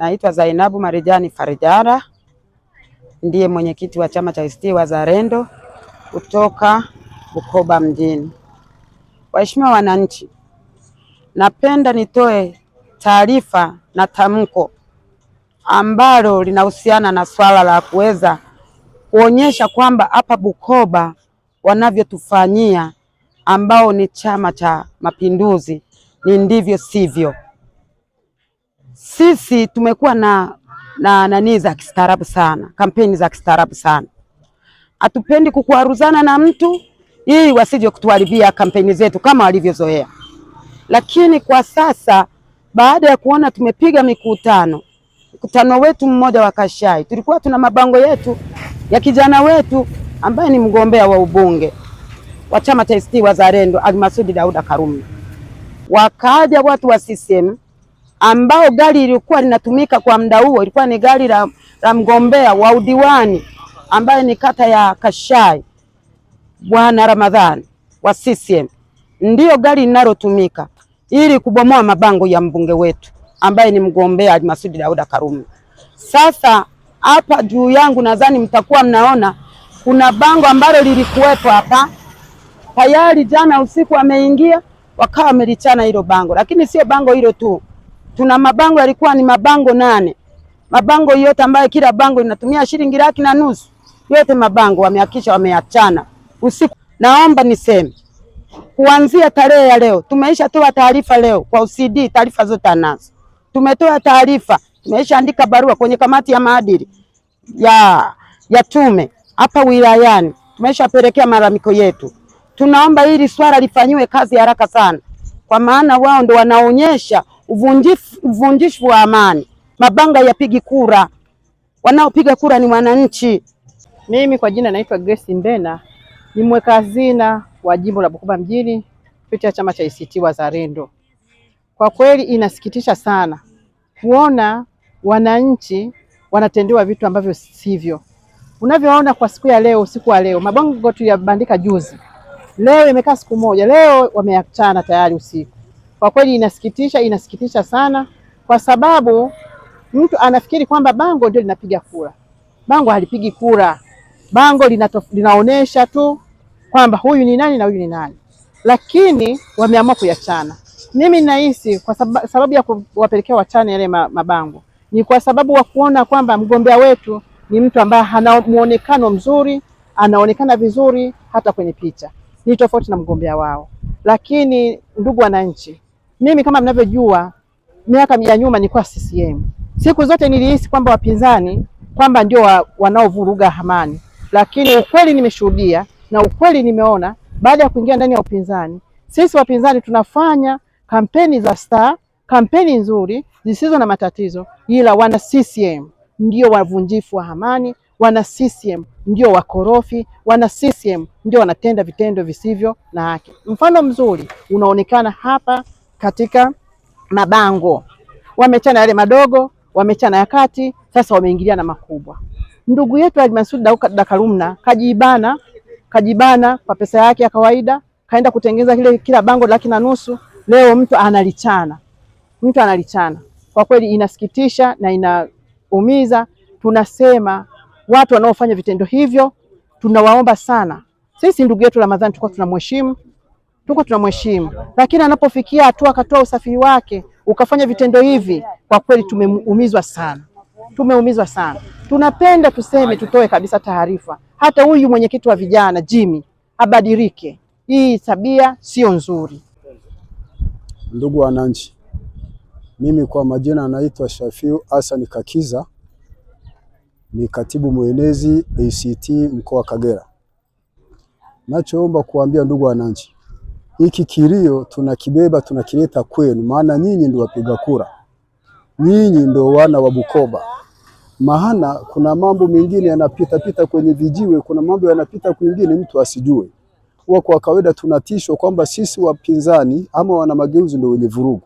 Naitwa Zainabu Marijani Farijara, ndiye mwenyekiti wa chama cha ACT Wazalendo kutoka Bukoba mjini. Waheshimiwa wananchi, napenda nitoe taarifa na tamko ambalo linahusiana na swala la kuweza kuonyesha kwamba hapa Bukoba wanavyotufanyia ambao ni Chama cha Mapinduzi ni ndivyo sivyo sisi tumekuwa na na nani za kistaarabu sana, kampeni za kistaarabu sana. Hatupendi kukuaruzana na mtu ili wasije kutuharibia kampeni zetu kama walivyozoea. Lakini kwa sasa baada ya kuona tumepiga mikutano, mkutano wetu mmoja wa Kashai, tulikuwa tuna mabango yetu ya kijana wetu ambaye ni mgombea wa ubunge wa chama cha ACT Wazalendo Almasudi Dauda Karume, wakaja watu wa CCM ambao gari ilikuwa linatumika kwa muda huo ilikuwa ni gari la, la mgombea wa udiwani ambaye ni kata ya Kashai Bwana Ramadhani wa CCM, ndiyo gari linalotumika ili kubomoa mabango ya mbunge wetu ambaye ni mgombea Almasudi Dauda Karume. Sasa hapa juu yangu nadhani mtakuwa mnaona kuna bango ambalo lilikuwepo hapa tayari. Jana usiku ameingia wakawa wamelichana hilo bango, lakini sio bango hilo tu tuna mabango yalikuwa ni mabango nane, mabango yote ambayo kila bango linatumia shilingi laki na nusu, yote mabango wamehakisha wameachana usiku. Naomba niseme kuanzia tarehe ya leo tumeisha toa taarifa leo kwa OCD, taarifa zote anazo, tumetoa taarifa, tumeisha andika barua kwenye kamati ya maadili ya ya tume hapa wilayani, tumeshapelekea malalamiko yetu. Tunaomba hili swala lifanyiwe kazi haraka sana, kwa maana wao ndo wanaonyesha uvunjifu wa amani. Mabanga yapigi kura, wanaopiga kura ni wananchi. Mimi kwa jina naitwa Grace Mbena, ni mweka hazina wa jimbo la Bukoba mjini kupitia chama cha ACT Wazalendo. Kwa kweli inasikitisha sana kuona wananchi wanatendewa vitu ambavyo sivyo. Unavyoona kwa siku ya leo, siku ya leo mabango tuliyabandika juzi, leo imekaa siku moja, leo wameachana tayari usiku kwa kweli inasikitisha, inasikitisha sana, kwa sababu mtu anafikiri kwamba bango ndio linapiga kura. Bango halipigi kura, bango linato, linaonesha tu kwamba huyu ni nani na huyu ni nani, lakini wameamua kuyachana. Mimi nahisi kwa sababu, sababu ya kuwapelekea wachane yale mabango ni kwa sababu wa kuona kwamba mgombea wetu ni mtu ambaye hana muonekano mzuri, anaonekana vizuri hata kwenye picha, ni tofauti na mgombea wao. Lakini ndugu wananchi, mimi kama mnavyojua, miaka ya nyuma nilikuwa CCM. Siku zote nilihisi kwamba wapinzani kwamba ndio wa, wanaovuruga amani, lakini ukweli nimeshuhudia na ukweli nimeona baada ya kuingia ndani ya upinzani, sisi wapinzani tunafanya kampeni za star, kampeni nzuri zisizo na matatizo, ila wana CCM ndio wavunjifu wa amani, wana CCM ndio wakorofi, wana CCM ndio wanatenda vitendo visivyo na haki. Mfano mzuri unaonekana hapa katika mabango, wamechana yale madogo, wamechana ya kati, sasa wameingilia na makubwa. Ndugu yetu Almasud Dakarumna kajibana, kajibana kwa pesa yake ya kawaida, kaenda kutengeneza kile kila bango laki na nusu. Leo mtu analichana, mtu analichana. Kwa kweli inasikitisha na inaumiza. Tunasema watu wanaofanya vitendo hivyo tunawaomba sana. Sisi ndugu yetu Ramadhani tulikuwa tunamheshimu, tuko tunamheshimu, lakini anapofikia hatua akatoa usafiri wake ukafanya vitendo hivi, kwa kweli tumeumizwa sana, tumeumizwa sana. Tunapenda tuseme, tutoe kabisa taarifa, hata huyu mwenyekiti wa vijana Jimmy abadilike, hii tabia sio nzuri. Ndugu wananchi, mimi kwa majina anaitwa Shafiu Hassan Kakiza, ni katibu mwenezi ACT mkoa wa Kagera. Nachoomba kuambia ndugu wananchi hiki kilio tunakibeba, tunakileta kwenu, maana nyinyi ndio wapiga kura, nyinyi ndio wana wa Bukoba. Maana kuna mambo mengine yanapita pita kwenye vijiwe, kuna mambo yanapita kwingine mtu asijue. Huwa kwa kawaida tunatishwa kwamba sisi wapinzani ama wana mageuzi ndio wenye vurugu,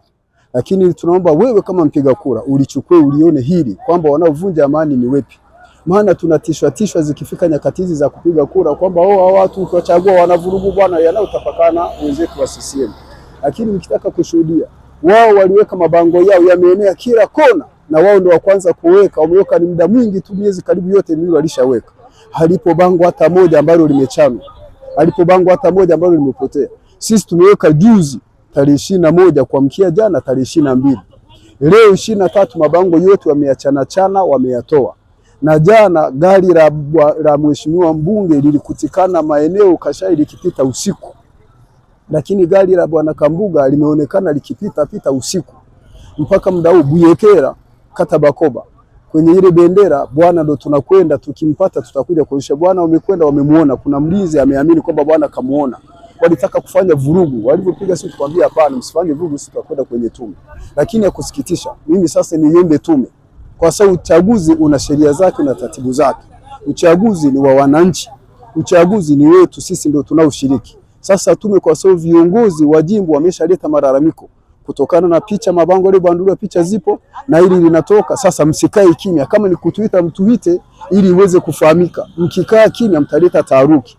lakini tunaomba wewe kama mpiga kura ulichukue, ulione hili kwamba wanaovunja amani ni wepi maana tunatishwa tishwa zikifika nyakati hizi za kupiga kura kwamba oh, hao watu ukiwachagua wanavurugu bwana, yanayotapakana wenzetu wa CCM. Lakini mkitaka kushuhudia, wao waliweka mabango yao yameenea kila kona, na wao ndio wa kwanza kuweka. Wameweka ni muda mwingi tu, miezi karibu yote ndio walishaweka, halipo bango hata moja ambalo limechanwa, halipo bango hata moja ambalo limepotea. Sisi tumeweka juzi tarehe ishirini na moja kuamkia jana tarehe ishirini na mbili leo ishirini na tatu mabango yote wameyachana chana, wameyatoa na jana gari la, la mheshimiwa mbunge lilikutikana maeneo Kashai likipita usiku, lakini gari la bwana Kambuga limeonekana likipita pita usiku mpaka muda huu Buyekera kata Bakoba kwenye ile bendera bwana, ndo tunakwenda tukimpata, tutakuja kuonyesha bwana, wamekwenda wamemuona. Kuna mlinzi ameamini kwamba bwana kamuona, walitaka kufanya vurugu. Walivyopiga sisi tukwambia, hapana, msifanye vurugu, sisi tutakwenda kwenye tume. Lakini ya kusikitisha, mimi sasa niombe tume kwa sababu uchaguzi una sheria zake na taratibu zake. Uchaguzi ni wa wananchi, uchaguzi ni wetu sisi, ndio tunaoshiriki. Sasa tume, kwa sababu viongozi wa jimbo wameshaleta malalamiko kutokana na picha, mabango yaliyobanduliwa, picha zipo na hili linatoka. Sasa msikae kimya, kama ni kutuita mtuite ili iweze kufahamika. Mkikaa kimya mtaleta taharuki.